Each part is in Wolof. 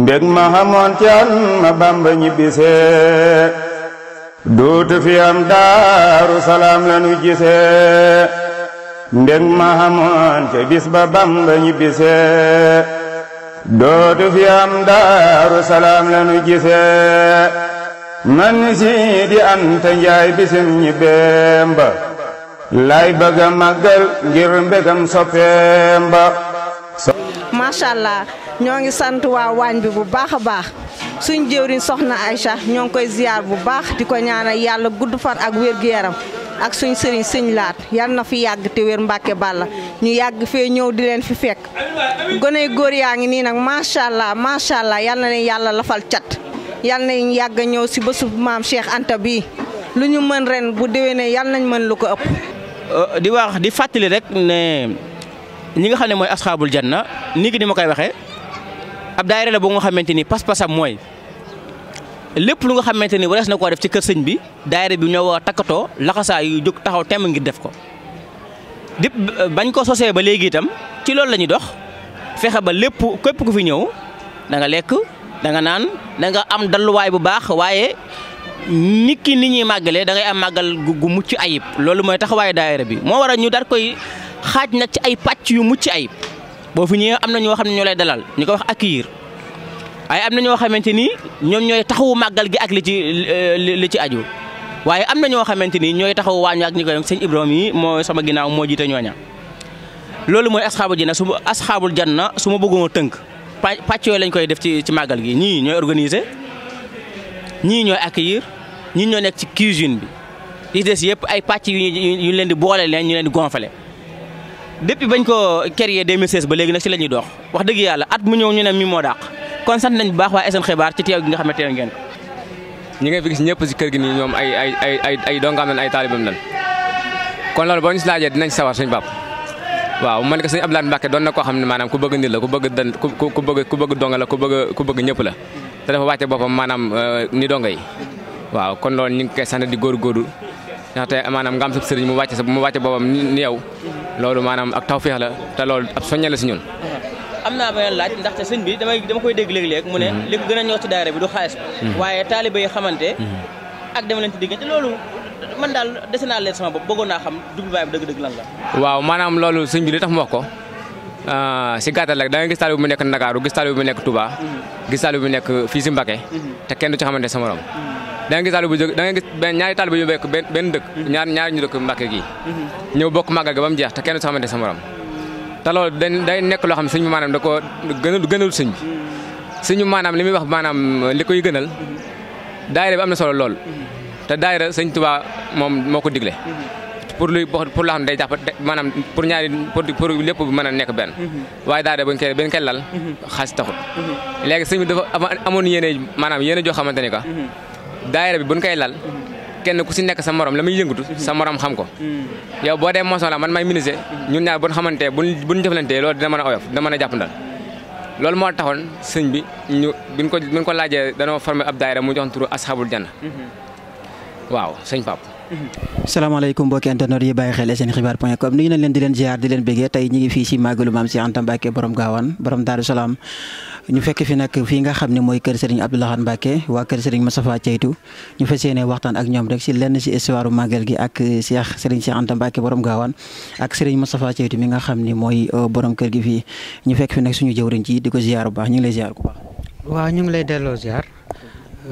mbég ma xamoon ci ma bamba ñibbisee dootu fi am daaru la nu gisee mbég ma xamoon ca bis bamba ñibbisee dootu fi am daaru la nu gisee man si anta njaay bisim ñibbeem ba lay bëgga ngir mbégam soppeem macha allah ñoo ngi sant waa waañ bi bu baax a baax suñ jëwriñ soxna ay Aïcha ñoo ngi koy ziar bu baax di ko ñaana yàlla gudd fan ak wér-gu-yaram ak suñ sëriñ sëñ laat yal na fi yàgg te wér mbàkke bàlla ñu yàgg fee ñëw di leen fi fekk gone góor yaa ngi nii nag macha allah macha allah yal na leen yàlla lafal cat yal nañ yàgg a ñëw si bésu maam Cheikh Anta bi lu ñu mën ren bu déwénee yal nañ mën lu ko ëpp. Euh, di wax di fàttali rek ne ñi nga xam ne mooy asxaabul nii ki ni ma koy waxee ab daayira la boo nga xamante ni pas-pasam mooy lépp lu nga xamante ni warees na koo def ci kër sëñ bi daayira bi ñoo war a takkatoo laxasaa yu jóg taxaw temm ngir def ko. dip bañ ko sosee ba léegi itam ci loolu la dox fexe ba lépp képp ku fi ñëw danga lekk danga naan da nga am dalluwaay bu baax waaye. nit ki nit ñuy màggalee da ngay am màggal gu mucc ayib loolu mooy taxawaayu daayira bi moo waral ñu dar koy xaaj nag ci ay pàcc yu mucc ayib boo fi ñëwee am na ñoo xam ne ñoo lay dalal ñu ko wax accueillir waaye am na ñoo xamante ni ñoom ñooy taxawu màggal gi ak li ci li ci aju waaye am na ñoo xamante ni ñooy taxawu waañu ak ñi koy sëñ Ibrahima yi moo sama ginnaaw moo jiite ñooña loolu mooy asxaabu janna su asxaabul janna su ma bëggoon a tënk pàcc yooyu lañ koy def ci ci màggal gi ñii ñooy organiser ñii ñooy accueillir ñii ñoo nekk ci cuisine bi li des yëpp ay pàcc yu ñu leen di boole leen ñu leen di gonfale depuis bañ ko créé 2016 ba léegi nag si la ñuy dox wax dëgg yàlla at mu ñëw ñu ne mii moo dàq kon sant nañ bu baax waa SN xibaar ci teew gi nga xam ne teew ngeen ko. ñi nga fi gis ñëpp si kër gi nii ñoom ay ay ay ay ay dongaam lañ ay taalibam lañ kon loolu boo ñu si laajee dinañ sawar suñu bopp waaw man ko sëñ Abdoulaye Mbacke doon na koo xam ne maanaam ku bëgg nit la ku bëgg dan ku ku bëgg ku bëgg donga la ku bëgg bëgg ñëpp la te dafa wàcce boppam maanaam euh, ni donga yi waaw kon loolu ñu ngi koy sant di góorgóorlu ndaxte maanaam am sëriñ mu wàcce sa mu wàcce boppam ni loolu maanaam ak tawféex la te loolu ab soññe la si ñun. am naa beneen laaj ndaxte sëñ bi damay dama koy dégg léeg-léeg mu ne mhm. li ko gën a ñor ci daara bi du xaalis mhm. waaye taaliba yi xamante mhm. ak dem leen ci diggante daal dese naa leen sama bopp naa xam jubluwaay bu dëgg-dëgg lan waaw maanaam loolu sëñ bi li tax mu ko ah, si gàttal rek da nga gis taaliba mu nekk Ndakaaru gis taaliba bu nekk Touba gis bu nekk fii si Mbacké te kenn du ci xamante sa morom da nga gis taalibe bu jóg da nga gis benn ñaari taalibe yu bekk benn dëkk ñaar ñaari ñu dëkk Mbàkke gi mhm. ñëw bokk màggal ga ba mu jeex te kenn du xamante sa morom te loolu day nekk loo xam ne sëñ bi maanaam da ko gënal gënal sëñ bi mhm. sëñu li muy wax maanaam li koy gënal mhm. daayira bi am na solo lool te daayira sëñ Tuubaa moom moo ko digle pour luy pour loo xam ne day jàpp maanaam pour ñaari pour pour lépp mën a nekk benn waaye daayira bañ koy bañ koy lal xaalis taxul léegi sëñ bi dafa amoon yéene maanaam yéene joo xamante ni ka daayira bi buñ koy lal kenn ku si nekk sa morom la muy yëngatu sa morom xam ko hmm. yow boo dee moson la man may menuisier ñun ñaar buñ xamantee buñ buñ jëflantee loolu dina mën a oyof dina mën a jàppandal loolu moo taxoon sëñ bi ñu buñ ko buñ ko laajee danoo formé ab daayira mu jox turu asxaabul janna hmm. waaw sëñ Pap hmm. salaamaaleykum mbokki internet yi bàyyi xel seen xibaar point com ni ñu leen di leen ziar di leen bégee tey ñu ngi fii si màggalu maam si Anta Mbàkke borom gaawaan borom ñu fekk fi nag fii nga xam ne mooy kër Serigne Abdou Lahad Mbacké waa kër Serigne Moustapha Ceytu ñu fas yéene waxtaan ak ñoom rek si lenn si histoire màggal gi ak euh, Cheikh Serigne Cheikh Anta Mbacké borom gaawaan ak Serigne Moustapha Ceytu mi nga xam ni mooy euh, borom kër gi fii ñu fekk fi nag suñu jëwriñ ci di ko ziar bu baax ñu ngi lay ziar bu baax. waaw ñu ngi lay delloo ziar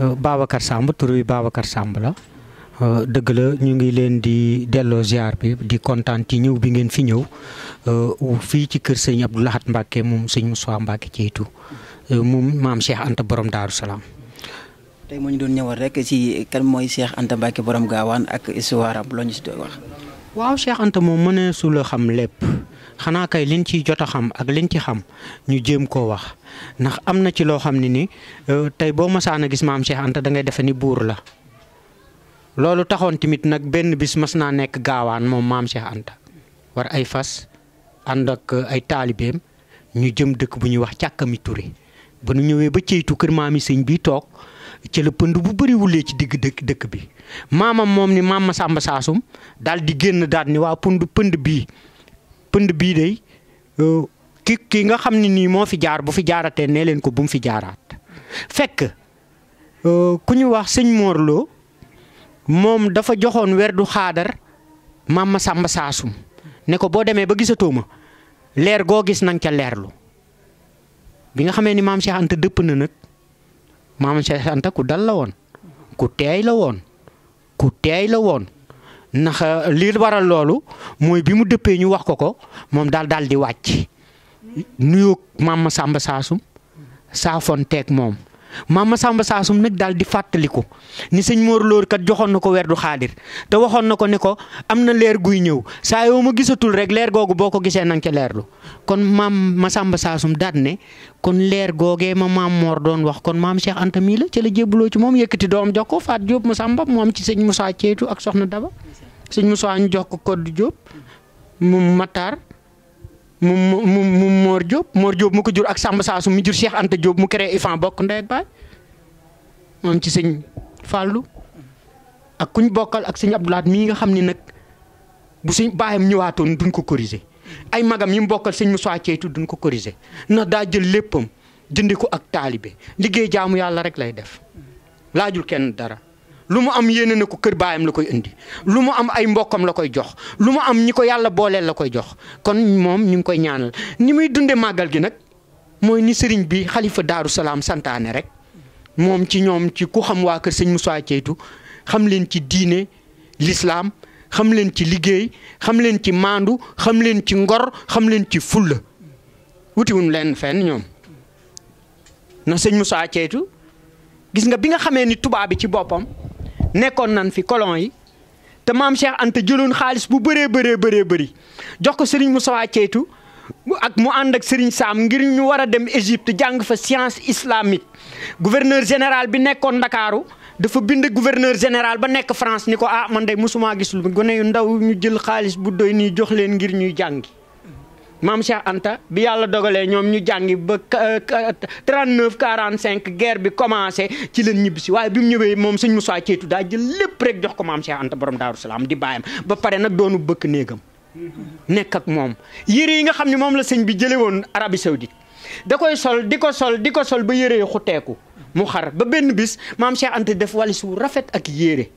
euh, Babacar Samb tur bi Babacar Samb la. deug la ñu ngi leen di dello ziar bi di contant ci ñew bi ngeen fi ñew euh fi ci kër seigne abdoulahat mbake mom seigne moussa mbacke ceytu euh, mom mam cheikh anta borom daru salam tay mo ñu doon ñewal rek ci kan moy cheikh anta mbake borom gawan ak istuwaram lo ñu ci do wax waaw cheikh anta mom mëne su la xam lepp xana kay liñ ci jota xam ak liñ ci xam ñu jëm ko wax ndax amna ci lo xam ni ni euh, tay bo ma saana gis mam cheikh anta da ngay def ni bur la loolu taxoon tamit nag benn bis mas naa nekk gaawaan moom maam Cheikh Anta war ay fas ànd ak uh, ay taalibeem ñu jëm dëkk bu ñuy wax càkkami Touré ba nu ñëwee ba ceytu kër maami sëñ bi toog ci pënd bu bëri wulee ci digg dëkk dëkk bi maamam moom ni maam masaa Saasum daal di génn daal ni waa pënd pënd bii pënd bii day uh, ki ki nga xam ne nii moo fi jaar bu fi jaaratee nee leen ko bu mu fi jaaraat fekk uh, ku ñu wax sëñ Morlo mom dafa joxone werdu xaadar mama samba sasum saasum ne ko bo demé ba gisatuma lèr go gis nang ca lèrlu bi nga xamé ni mam Cheikh Anta depp na nak mam Cheikh Anta ku dal la won ku tey la won ku tey la won ndax euh, li waral lolu moy bi mu deppé ñu wax ko ko dal dal di wacc nuyo mam samba sasum sa fon tek mom maam Samba Saasum nag daal di fàttaliku ni sëñ moor Loor kat joxoon na ko werdu xaadir te waxoon na ko ne ko am na leer guy ñëw saa yoo ma gisatul rek leer googu boo ko gisee na leer lu leerlu kon maam Samba Saasum daat ne kon leer googee ma maam moor doon wax kon maam Cheikh Anta mii la ca la jébbaloo ci moom yëkkati doom jox ko Faat Diop mu Samba mu am ci sëñ Moussa Ceytu ak soxna Daba sëñ Moussa ñu jox ko Codé Diop mu Matar. mu mu mu moor Diop moor Diop mu ko jur ak Samba Saasu mu jur seex Anta jóob mu créé IFAN bokk ndey ak baay moom ci sëñ Fallou ak kuñ bokkal ak sëñ Abdoulaat mii nga xam ni nag bu sëñ baayam ñëwaatoon duñ ko corriger ay magam yi mu bokkal sëñ Moussa Ceytu duñ ko corriger ndax daa jël léppam jënde ko ak taalibe liggéey jaamu yàlla rek lay def laajul kenn dara. lu mu am yéene na ko kër baayam la koy indi lu mu am ay mbokkam la koy jox lu mu am ñi ko yàlla booleel la koy jox kon moom ñu ngi koy ñaanal ni muy dunde màggal gi nag mooy ni sëriñ bi xalifa daaru salaam santaane rek moom ci ñoom ci ku xam waa kër sëñ Moussa Ceytu xam leen ci diine lislaam xam leen ci liggéey xam leen ci maandu xam leen ci ngor xam leen ci fulla wutiwun leen fenn ñoom na sëñ Moussa Ceytu gis nga bi nga xamee ni tubaab bi ci boppam nekkoon nan fi kolon yi te maam ante Anta jëloon xaalis bu bëree bëree bëree bëri jox ko Serigne Moussa Ceytu ak mu ànd ak Serigne Sam ngir ñu war a dem Égypte jàng fa science islamique gouverneur général bi nekkoon Ndakaaru dafa bind gouverneur général ba nekk France ni ko ah man de mosuma gisul bi gone yu ndaw ñu jël xaalis bu doy nii jox leen ngir ñuy jàngi. maam Cheikh Anta bi yàlla dogalee ñoom ñu jàngi ba 39 45 euh, guerre bi commencé ci leen ñibbisi waaye bi mu ñëwee moom mu Moussa Ceytu daa jël lépp rek jox ko maam Cheikh Anta borom Daaru di bàyyam ba pare nag doonu bëkk néegam nekk ak moom yére yi nga xam ne moom la sëñ bi jële woon Arabie Saoudite da koy sol di ko sol di ko sol ba yére yi xuteeku mu xar ba benn bis maam Cheikh Anta def walis wu rafet ak yére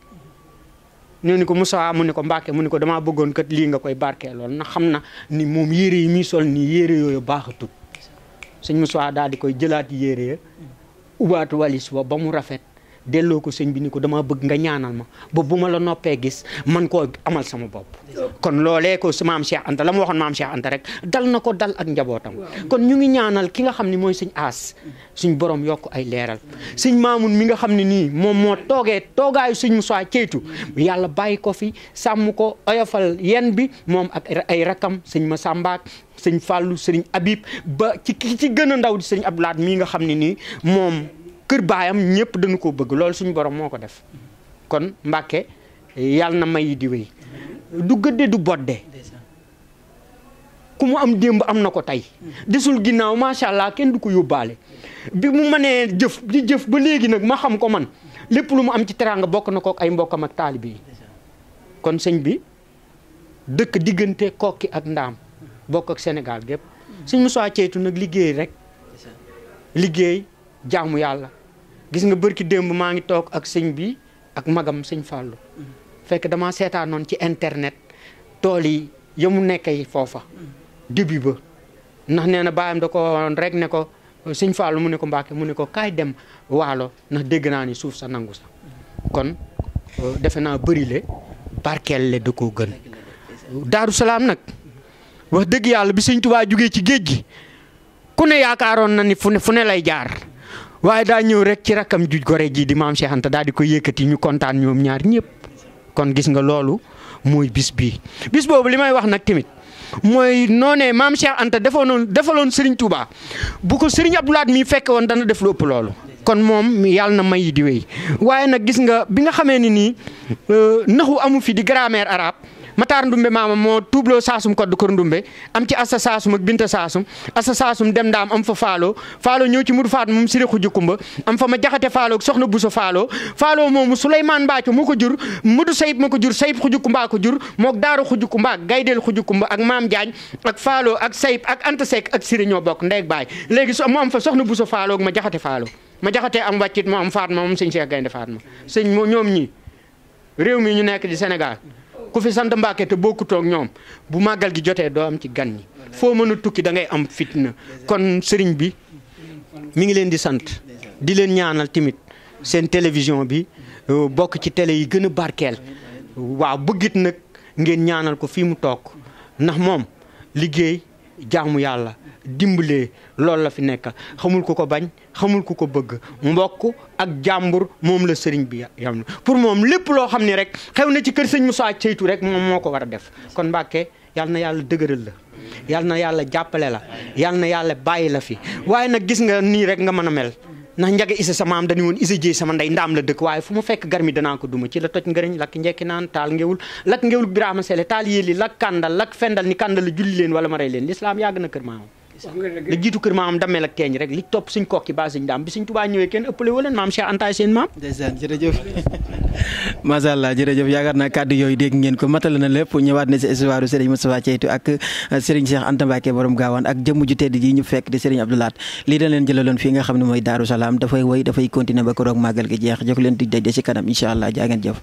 ñoo ni ko Moussa mu ne ko Mbacke mu ne ko damaa bëggoon kat lii nga koy barkeeloon na xam na ni moom yére yi muy sol nii yére yooyu baaxatul sëñ Moussa daal di koy jëlaat yére ya ubaatu walis wa ba mu rafet delloo ko sëñ bi ni ko dama bëgg nga ñaanal ma ba bu ma la noppee gis man koo amal sama bopp kon loolee ko su maam Cheikh Anta la mu waxoon maam Cheikh Anta rek dal na ko dal ak njabootam kon ñu ngi ñaanal ki nga xam ne mooy sëñ aas suñ borom yokk ay leeral sëñ maamun mi nga xam ne nii moom moo toogee toogaayu suñ Musaa ceytu yàlla bàyyi ko fi sàmm ko oyofal yen bi moom ak ay rakam sëñ ma sàmbaak sëñ fàllu sëñ abib ba ci ki ci gën a ndaw di sëñ abdulaat mii nga xam ne nii moom kër bayam ñepp dañ ko bëgg lool suñu borom moko def kon mbacké yàlla na may di wéy du gëdde du bodde kumu am demb am nako tay desul ginnaw ma sha allah kenn du ko yóbbaale bi mu mané jëf di jëf ba légui nak ma xam ko man lepp lu mu am ci teranga bok nako ak ay mbokam ak talibi kon señ bi dëkk digënté kokki ak ndam bok ak Sénégal gëp señ Moussa Ceytu nak liggéey rek liggéey jaamu yalla gis nga barki demb ma ngi tok ak sëñ bi ak magam sëñ fallu fekk dama seetaanoon ci internet toli yamu ya fofa debi ba ndax neena bayam dako won rek ne ko sëñ fallu mu ne ko mbake mu ne ko kay dem walo, ndax deg na ni suuf sa nangu sa kon euh, defena beuri le barkel le da gën daru salam nak wax deug yalla bi sëñ touba jugee ci géej gi ku ne yaakaaroon na ni fune fune lay jaar waaye daa ñëw rek ci rakkam ju gore ji di maam Cheikh Anta daal di ko yëkkati ñu kontaan ñoom ñaar ñëpp kon gis nga loolu mooy bis bii. bis boobu li may wax nag tamit mooy noone maam Cheikh Anta defoon defaloon Serigne Touba bu ko Serigne Abdou Lahad mi fekke woon dana def lu ëpp loolu. kon moom yàlla na may di wéy waaye nag gis nga bi nga xamee ni nii euh, naxu amu fi di grammaire araab Matar Ndumbe maama moo tuubloo saasum kodd kor Ndumbe am ci assa saasum ak binta saasum assa saasum dem ndaam am fa faalo faalo ñëw ci mudu faat moom sirixu kumba am fa ma jaxate faalo ak soxna buso faalo faalo moomu Suleymaan Mbaaco moo ko jur mudu sayib moo ko jur sayib xujukumba ko jur mook daaru xujukumba ak gaydeel xujukumba ak maam Jaañ ak faalo ak sayib ak anta seek ak siri ñoo bokk ndeeg baay léegi so mu am fa soxna buso faalo ma jaxate faalo ma jaxatee am wàccit moo am faat ma moom sëñ Cheikh Gaynde faat ma sëñ ñoom ñi réew mi ñu nekk di senegal ku fi sant Mbàkke te bokkutoo ak ñoom bu màggal gi jotee doom ci gan ñi foo mën a tukki dangay ngay am fitna kon sëriñ bi mu ngi leen di sant di leen ñaanal tamit seen télévision bi euh, bokk ci télé yi gën a barkeel waaw bëggit nag ngeen ñaanal ko fii mu toog ndax moom liggéey jaamu yàlla dimbalee loolu la fi nekk xamul ku ko bañ xamul ku ko bëgg mbokk ak jàmbur moom la sëriñ bi yam pour moom lépp loo xam ni rek xew na ci kër sëñ Moussa Ceytu rek moom moo ko war a def kon Mbàkke yal na yàlla dëgëral la yal na yàlla jàppale la yal na yàlla bàyyi la fi waaye nag gis nga nii rek nga mën a mel ndax njaga isa sama am dañu woon isa jéy sama ndey ndaam la dëkk waaye fu ma fekk garmi danaa ko duma ci la toj ngëriñ lakk njekki naan taal ngewul lakk ngewul biraama sele taal yéeli lakk kàndal lakk fendal ni kàndal la leen wala ma rey leen na kër maamam la jiitu kër maam dammel ak teeñ rek li topp suñ kokki ba suñ daam bi suñ tubaa ñëwee kenn ëppale wu leen maam Cheikh Anta seen maam ndeysaan jërëjëf macha allah jërëjëf yaakaar naa kàddu yooyu dégg ngeen ko matale na lépp ñëwaat na si histoire Serigne Moustapha Ceytu ak uh, Serigne Cheikh Anta Mbacké borom gaawaan ak jëmm ju tedd ji ñu fekk di Serigne Abdou lii dañ leen jëlaloon fii nga xam ne mooy Daaru dafay woy dafay continuer ba ko roog màggal jeex jox leen di daje